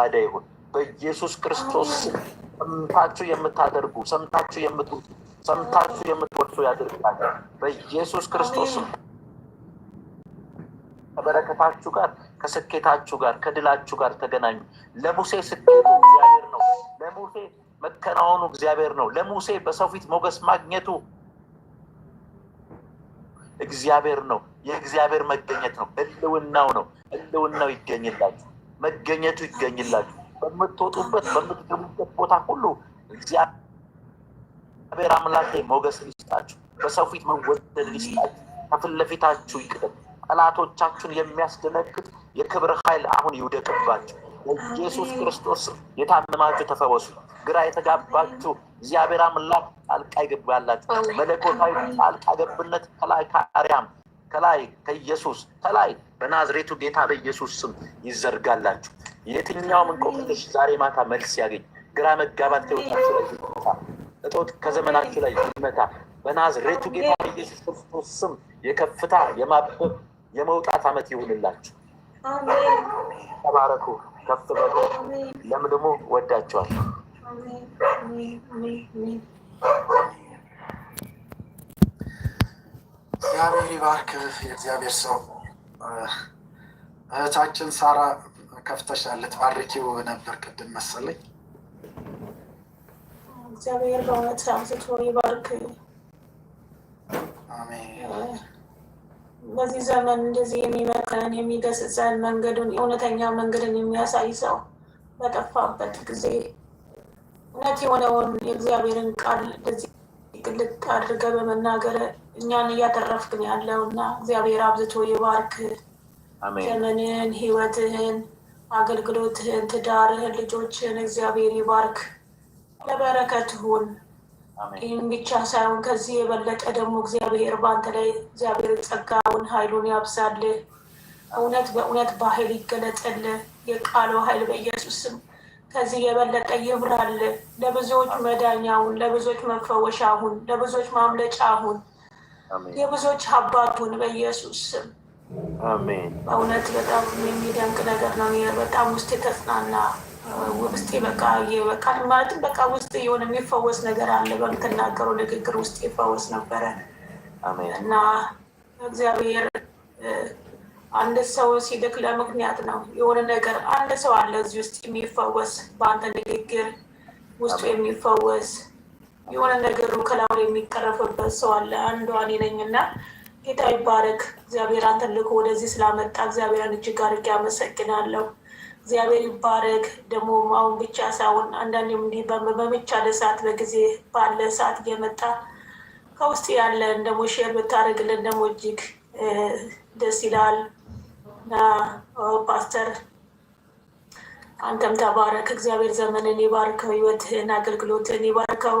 አደ ይሁን በኢየሱስ ክርስቶስ ሰምታችሁ የምታደርጉ ሰምታችሁ የምት ሰምታችሁ የምትወርሱ ያደርጋል። በኢየሱስ ክርስቶስ ከበረከታችሁ ጋር ከስኬታችሁ ጋር ከድላችሁ ጋር ተገናኙ። ለሙሴ ስኬቱ እግዚአብሔር ነው። ለሙሴ መከናወኑ እግዚአብሔር ነው። ለሙሴ በሰው ፊት ሞገስ ማግኘቱ እግዚአብሔር ነው። የእግዚአብሔር መገኘት ነው። ህልውናው ነው። ህልውናው ይገኝላችሁ። መገኘቱ ይገኝላችሁ። በምትወጡበት በምትገቡበት ቦታ ሁሉ እግዚአብሔር አምላኬ ሞገስ ሊስጣችሁ፣ በሰው ፊት መወደድ ይስጣችሁ። ከፊት ለፊታችሁ ይቅደም። ጠላቶቻችሁን የሚያስደነግጥ የክብር ኃይል አሁን ይውደቅባችሁ። ኢየሱስ ክርስቶስ የታመማችሁ ተፈወሱ። ግራ የተጋባችሁ እግዚአብሔር አምላክ ጣልቃ ይገባላችሁ። መለኮታዊ ጣልቃ ገብነት ከላይ ከአርያም ከላይ ከኢየሱስ ከላይ በናዝሬቱ ጌታ በኢየሱስ ስም ይዘርጋላችሁ። የትኛውም እንቆቅልሽ ዛሬ ማታ መልስ ያገኝ። ግራ መጋባት ከህይወታችሁ ላይ ይመታ፣ እጦት ከዘመናችሁ ላይ ይመታ። በናዝሬቱ ጌታ በኢየሱስ ክርስቶስ ስም የከፍታ የማበብ የመውጣት ዓመት ይሁንላችሁ። ተባረኩ። ከፍ በ ለምልሙ። ወዳቸዋል? እግዚአብሔር ይባርክ። የእግዚአብሔር ሰው እህታችን ሳራ ከፍተሻል። ልትባርኪው ነበር ቅድም መሰለኝ። እግዚአብሔር በእውነት ይባርክ። በዚህ ዘመን እንደዚህ የሚመክረን የሚገስጸን፣ መንገዱን እውነተኛ መንገድን የሚያሳይ ሰው በጠፋበት ጊዜ እውነት የሆነውን የእግዚአብሔርን ቃል እንደዚህ ግልጥ አድርገ በመናገር እኛን እያተረፍክን ያለው እና እግዚአብሔር አብዝቶ ይባርክ። ዘመንህን፣ ህይወትህን፣ አገልግሎትህን፣ ትዳርህን፣ ልጆችህን እግዚአብሔር ይባርክ። ለበረከት ሁን። ይህም ብቻ ሳይሆን ከዚህ የበለጠ ደግሞ እግዚአብሔር በአንተ ላይ እግዚአብሔር ጸጋውን ኃይሉን ያብዛልህ። እውነት በእውነት በኃይል ይገለጠልህ። የቃለው ኃይል በኢየሱስ ስም ከዚህ የበለጠ ይብራል። ለብዙዎች መዳኛውን፣ ለብዙዎች መፈወሻውን፣ ለብዙዎች ማምለጫውን፣ የብዙዎች አባቱን በኢየሱስ ስም አሜን። በእውነት በጣም የሚደንቅ ነገር ነው። በጣም ውስጥ የተጽናና ውስጥ በቃ በቃ ማለትም በቃ ውስጥ የሆነ የሚፈወስ ነገር አለ። በምትናገረው ንግግር ውስጥ ይፈወስ ነበረ እና እግዚአብሔር አንድ ሰው ሲልክ ለምክንያት ነው። የሆነ ነገር አንድ ሰው አለ እዚህ ውስጥ የሚፈወስ በአንተ ንግግር ውስጡ የሚፈወስ የሆነ ነገሩ ከላሁ የሚቀረፍበት ሰው አለ። አንዷ እኔ ነኝ እና ጌታ ይባረክ። እግዚአብሔር አንተን ልኮ ወደዚህ ስላመጣ እግዚአብሔርን እጅግ አድርጌ አመሰግናለሁ። እግዚአብሔር ይባረክ። ደግሞ አሁን ብቻ ሳይሆን አንዳንዴም እንዲህ በመቻለ ሰዓት በጊዜ ባለ ሰዓት እየመጣ ከውስጥ ያለን ደግሞ ሼር ብታደርግልን ደግሞ እጅግ ደስ ይላል። ፓስተር አንተም ተባረክ። እግዚአብሔር ዘመንን የባርከው፣ ህይወትህን፣ አገልግሎትን የባርከው፣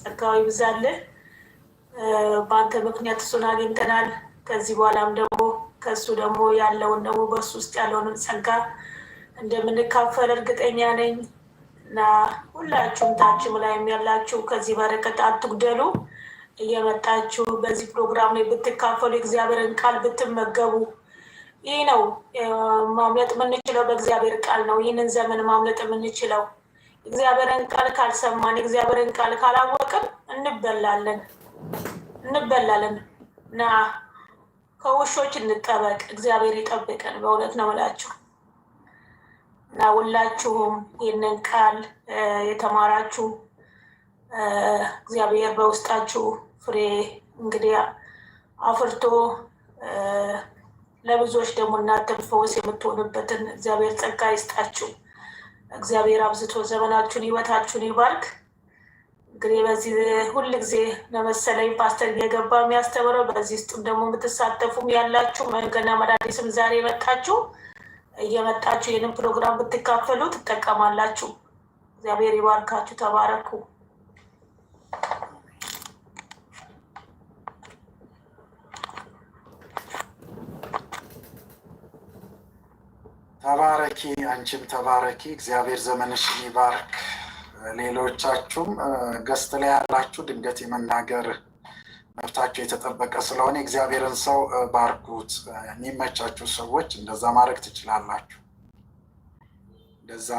ጸጋው ይብዛልህ። በአንተ ምክንያት እሱን አግኝተናል። ከዚህ በኋላም ደግሞ ከእሱ ደግሞ ያለውን ደግሞ በእሱ ውስጥ ያለውንም ጸጋ እንደምንካፈል እርግጠኛ ነኝ እና ሁላችሁም ታችም ላይም ያላችሁ ከዚህ በረከት አትጉደሉ። እየመጣችሁ በዚህ ፕሮግራም ላይ ብትካፈሉ፣ የእግዚአብሔርን ቃል ብትመገቡ ይህ ነው ማምለጥ የምንችለው በእግዚአብሔር ቃል ነው። ይህንን ዘመን ማምለጥ የምንችለው እግዚአብሔርን ቃል ካልሰማን፣ እግዚአብሔርን ቃል ካላወቅን እንበላለን እንበላለን እና ከውሾች እንጠበቅ። እግዚአብሔር ይጠብቀን። በእውነት ነው እላችሁ እና ሁላችሁም ይህንን ቃል የተማራችሁ እግዚአብሔር በውስጣችሁ ፍሬ እንግዲህ አፍርቶ ለብዙዎች ደግሞ እናንተም ፈውስ የምትሆንበትን እግዚአብሔር ጸጋ ይስጣችሁ። እግዚአብሔር አብዝቶ ዘመናችሁን ይወታችሁን ይባርክ። እንግዲህ በዚህ ሁል ጊዜ ለመሰለኝ ፓስተር እየገባ የሚያስተምረው በዚህ ውስጥም ደግሞ የምትሳተፉም ያላችሁ መንገና መዳዲስም ዛሬ የመጣችሁ እየመጣችሁ ይህንን ፕሮግራም ብትካፈሉ ትጠቀማላችሁ። እግዚአብሔር ይባርካችሁ። ተባረኩ። ተባረኪ፣ አንቺም ተባረኪ። እግዚአብሔር ዘመንሽ ይባርክ። ሌሎቻችሁም ገስት ላይ ያላችሁ ድንገት የመናገር መብታቸው የተጠበቀ ስለሆነ እግዚአብሔርን ሰው ባርኩት። የሚመቻችሁ ሰዎች እንደዛ ማድረግ ትችላላችሁ። እንደዛ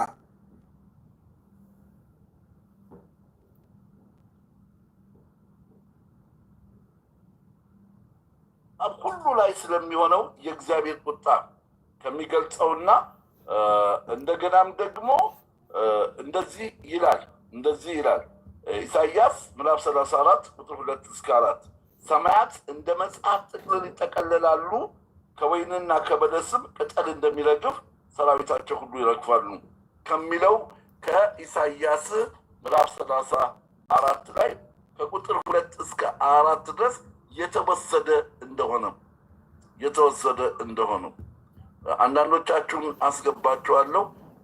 ሁሉ ላይ ስለሚሆነው የእግዚአብሔር ቁጣ ከሚገልጸውና እንደገናም ደግሞ እንደዚህ ይላል እንደዚህ ይላል ኢሳያስ ምዕራፍ 34 ቁጥር ሁለት እስከ አራት ሰማያት እንደ መጽሐፍ ጥቅልል ይጠቀለላሉ፣ ከወይንና ከበለስም ቅጠል እንደሚረግፍ ሰራዊታቸው ሁሉ ይረግፋሉ ከሚለው ከኢሳያስ ምዕራፍ 34 ላይ ከቁጥር ሁለት እስከ አራት ድረስ የተወሰደ እንደሆነ የተወሰደ እንደሆነ አንዳንዶቻችሁን አስገባችኋለሁ፣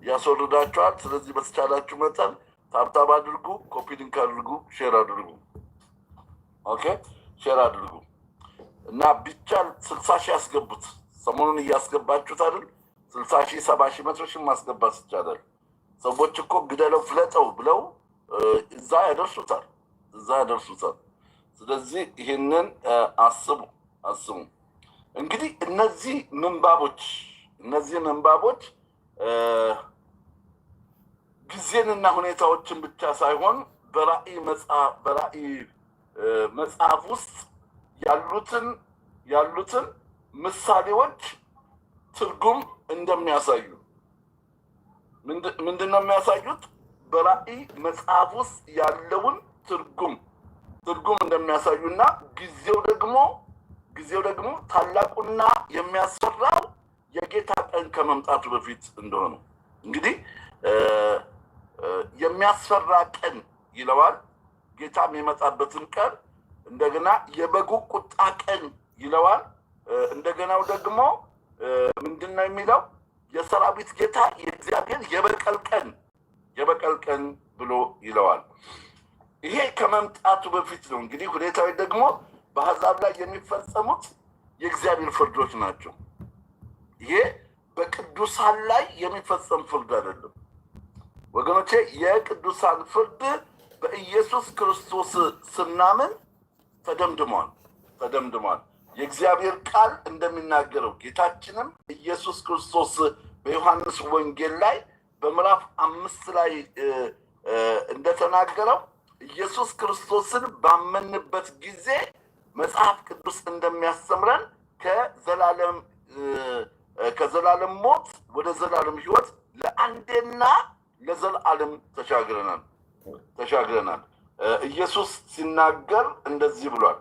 ያስወርዳችኋል። ስለዚህ በተቻላችሁ መጠን ታብታብ አድርጉ፣ ኮፒ ሊንክ አድርጉ፣ ሼር አድርጉ። ኦኬ ሼር አድርጉ እና ቢቻል ስልሳ ሺህ ያስገቡት። ሰሞኑን እያስገባችሁት አይደል? ስልሳ ሺህ ሰባ ሺህ መቶ ሺህ ማስገባት ይቻላል። ሰዎች እኮ ግደለው ፍለጠው ብለው እዛ ያደርሱታል፣ እዛ ያደርሱታል። ስለዚህ ይህንን አስቡ አስቡ። እንግዲህ እነዚህ ምንባቦች እነዚህን እንባቦች ጊዜንና ሁኔታዎችን ብቻ ሳይሆን በራእይ በራእይ መጽሐፍ ውስጥ ያሉትን ያሉትን ምሳሌዎች ትርጉም እንደሚያሳዩ ምንድን ነው የሚያሳዩት? በራእይ መጽሐፍ ውስጥ ያለውን ትርጉም ትርጉም እንደሚያሳዩ እና ጊዜው ደግሞ ጊዜው ደግሞ ታላቁና የሚያስፈራው የጌታ ቀን ከመምጣቱ በፊት እንደሆነ እንግዲህ የሚያስፈራ ቀን ይለዋል። ጌታም የመጣበትን ቀን እንደገና የበጉ ቁጣ ቀን ይለዋል። እንደገናው ደግሞ ምንድን ነው የሚለው? የሰራዊት ጌታ የእግዚአብሔር የበቀል ቀን የበቀል ቀን ብሎ ይለዋል። ይሄ ከመምጣቱ በፊት ነው። እንግዲህ ሁኔታዊ ደግሞ በአሕዛብ ላይ የሚፈጸሙት የእግዚአብሔር ፍርዶች ናቸው። ይሄ በቅዱሳን ላይ የሚፈጸም ፍርድ አይደለም ወገኖቼ። የቅዱሳን ፍርድ በኢየሱስ ክርስቶስ ስናምን ተደምድሟል ተደምድሟል። የእግዚአብሔር ቃል እንደሚናገረው ጌታችንም ኢየሱስ ክርስቶስ በዮሐንስ ወንጌል ላይ በምዕራፍ አምስት ላይ እንደተናገረው ኢየሱስ ክርስቶስን ባመንበት ጊዜ መጽሐፍ ቅዱስ እንደሚያስተምረን ከዘላለም ከዘላለም ሞት ወደ ዘላለም ህይወት ለአንዴና ለዘላለም ተሻግረናል ተሻግረናል። ኢየሱስ ሲናገር እንደዚህ ብሏል።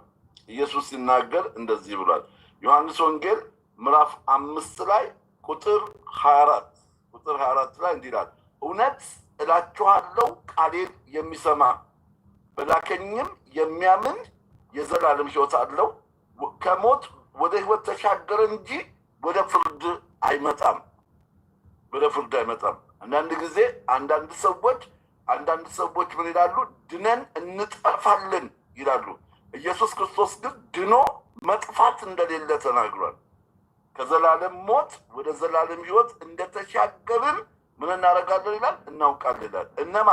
ኢየሱስ ሲናገር እንደዚህ ብሏል። ዮሐንስ ወንጌል ምዕራፍ አምስት ላይ ቁጥር ሀያ አራት ቁጥር ሀያ አራት ላይ እንዲህ ይላል እውነት እላችኋለሁ ቃሌን የሚሰማ በላከኝም የሚያምን የዘላለም ህይወት አለው ከሞት ወደ ህይወት ተሻገረ እንጂ ወደ ፍርድ አይመጣም። ወደ ፍርድ አይመጣም። አንዳንድ ጊዜ አንዳንድ ሰዎች አንዳንድ ሰዎች ምን ይላሉ? ድነን እንጠፋለን ይላሉ። ኢየሱስ ክርስቶስ ግን ድኖ መጥፋት እንደሌለ ተናግሯል። ከዘላለም ሞት ወደ ዘላለም ሕይወት እንደተሻገርን ምን እናደርጋለን ይላል፣ እናውቃለን ይላል። እነማ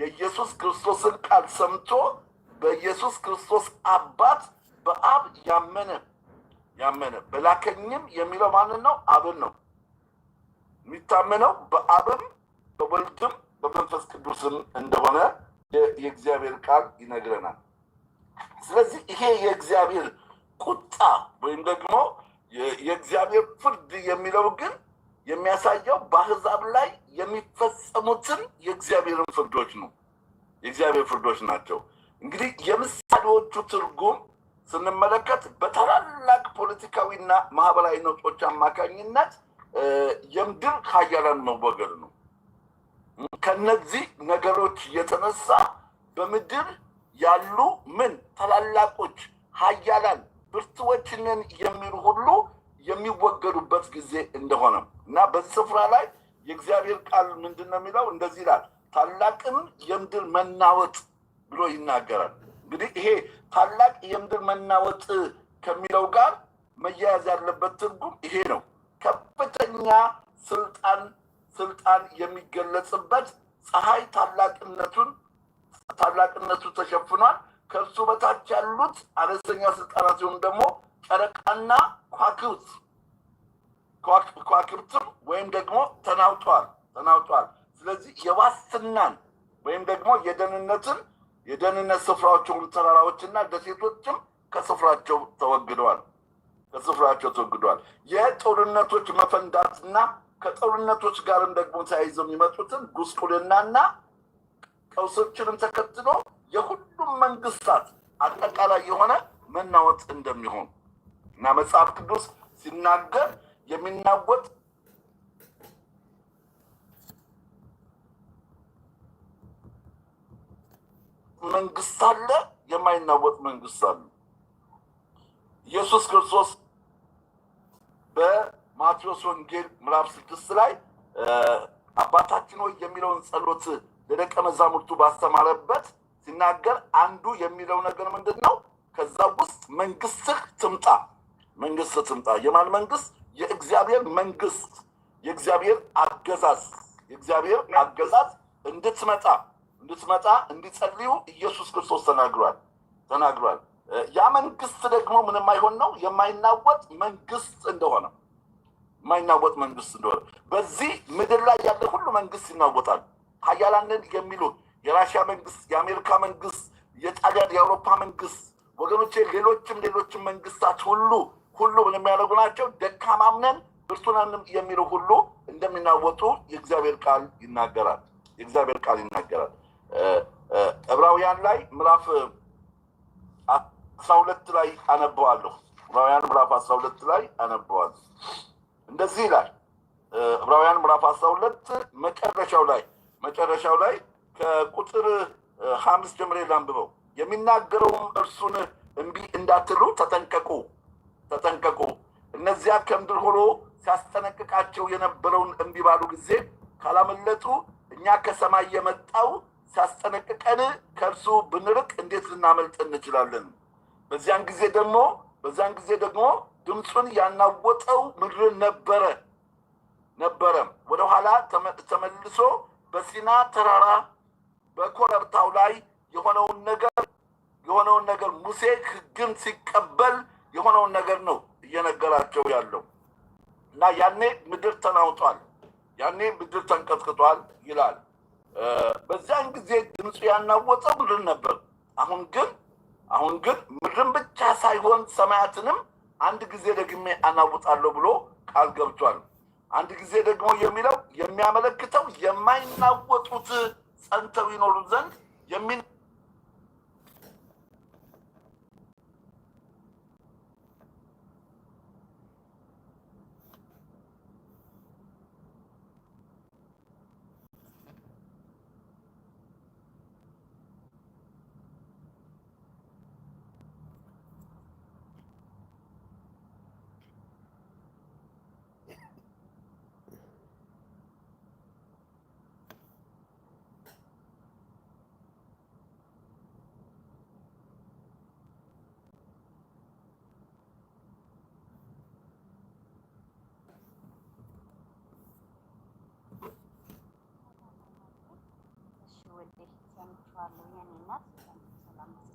የኢየሱስ ክርስቶስን ቃል ሰምቶ በኢየሱስ ክርስቶስ አባት በአብ ያመነ ያመነ በላከኝም የሚለው ማንን ነው? አብን ነው የሚታመነው። በአብም በወልድም በመንፈስ ቅዱስም እንደሆነ የእግዚአብሔር ቃል ይነግረናል። ስለዚህ ይሄ የእግዚአብሔር ቁጣ ወይም ደግሞ የእግዚአብሔር ፍርድ የሚለው ግን የሚያሳየው በአህዛብ ላይ የሚፈጸሙትን የእግዚአብሔርን ፍርዶች ነው። የእግዚአብሔር ፍርዶች ናቸው። እንግዲህ የምሳሌዎቹ ትርጉም ስንመለከት በታላላቅ ፖለቲካዊና ማህበራዊ ነጦች አማካኝነት የምድር ሀያላን መወገድ ነው። ከነዚህ ነገሮች የተነሳ በምድር ያሉ ምን ታላላቆች ሀያላን ብርቱዎችንን የሚሉ ሁሉ የሚወገዱበት ጊዜ እንደሆነ እና በዚህ ስፍራ ላይ የእግዚአብሔር ቃል ምንድን ነው የሚለው? እንደዚህ ይላል። ታላቅን የምድር መናወጥ ብሎ ይናገራል። እንግዲህ ይሄ ታላቅ የምድር መናወጥ ከሚለው ጋር መያያዝ ያለበት ትርጉም ይሄ ነው። ከፍተኛ ስልጣን ስልጣን የሚገለጽበት ፀሐይ ታላቅነቱን ታላቅነቱ ተሸፍኗል። ከእሱ በታች ያሉት አነስተኛ ስልጣናት ሲሆኑ ደግሞ ጨረቃና ኳክብት ኳክብትም ወይም ደግሞ ተናውጧል ተናውጧል። ስለዚህ የዋስትናን ወይም ደግሞ የደህንነትን የደህንነት ስፍራዎች ሁሉ ተራራዎችና ደሴቶችም ከስፍራቸው ተወግደዋል ከስፍራቸው ተወግደዋል። የጦርነቶች መፈንዳትና ከጦርነቶች ጋርም ደግሞ ተያይዘው የሚመጡትን ጉስቁልናና ቀውሶችንም ተከትሎ የሁሉም መንግስታት አጠቃላይ የሆነ መናወጥ እንደሚሆን እና መጽሐፍ ቅዱስ ሲናገር የሚናወጥ መንግስት አለ፣ የማይናወጥ መንግስት አለ። ኢየሱስ ክርስቶስ በማቴዎስ ወንጌል ምዕራፍ ስድስት ላይ አባታችን ሆይ የሚለውን ጸሎት ለደቀ መዛሙርቱ ባስተማረበት ሲናገር አንዱ የሚለው ነገር ምንድን ነው? ከዛ ውስጥ መንግስትህ ትምጣ፣ መንግስት ትምጣ። የማን መንግስት? የእግዚአብሔር መንግስት፣ የእግዚአብሔር አገዛዝ፣ የእግዚአብሔር አገዛዝ እንድትመጣ እንድትመጣ እንዲጸልዩ ኢየሱስ ክርስቶስ ተናግሯል ተናግሯል። ያ መንግስት ደግሞ ምን የማይሆን ነው የማይናወጥ መንግስት እንደሆነ የማይናወጥ መንግስት እንደሆነ በዚህ ምድር ላይ ያለ ሁሉ መንግስት ይናወጣል። ሀያላንን የሚሉት የራሽያ መንግስት፣ የአሜሪካ መንግስት፣ የጣሊያን የአውሮፓ መንግስት ወገኖቼ፣ ሌሎችም ሌሎችም መንግስታት ሁሉ ሁሉ ምን የሚያደርጉ ናቸው ደካማምነን ብርቱናንም የሚሉ ሁሉ እንደሚናወጡ የእግዚአብሔር ቃል ይናገራል። የእግዚአብሔር ቃል ይናገራል። ዕብራውያን ላይ ምዕራፍ አስራ ሁለት ላይ አነበዋለሁ። ዕብራውያን ምዕራፍ አስራ ሁለት ላይ አነበዋለሁ። እንደዚህ ይላል። ዕብራውያን ምዕራፍ አስራ ሁለት መጨረሻው ላይ መጨረሻው ላይ ከቁጥር ሀምስት ጀምሬ ላንብበው። የሚናገረውም እርሱን እምቢ እንዳትሉ ተጠንቀቁ ተጠንቀቁ። እነዚያ ከምድር ሆኖ ሲያስጠነቅቃቸው የነበረውን እምቢ ባሉ ጊዜ ካላመለጡ እኛ ከሰማይ የመጣው ሲያስጠነቅቀን ከእርሱ ብንርቅ እንዴት ልናመልጥ እንችላለን? በዚያን ጊዜ ደግሞ በዚያን ጊዜ ደግሞ ድምፁን ያናወጠው ምድር ነበረ ነበረ ወደኋላ ተመልሶ በሲና ተራራ በኮረብታው ላይ የሆነውን ነገር የሆነውን ነገር ሙሴ ሕግን ሲቀበል የሆነውን ነገር ነው እየነገራቸው ያለው እና ያኔ ምድር ተናውጧል፣ ያኔ ምድር ተንቀጥቅጧል ይላል። በዚያን ጊዜ ድምፁ ያናወጠ ምድርን ነበር። አሁን ግን አሁን ግን ምድርን ብቻ ሳይሆን ሰማያትንም አንድ ጊዜ ደግሜ አናውጣለሁ ብሎ ቃል ገብቷል። አንድ ጊዜ ደግሞ የሚለው የሚያመለክተው የማይናወጡት ጸንተው ይኖሩ ዘንድ የሚ እንግዲህ ሰምቼዋለሁ። የኔ እናት ሰላም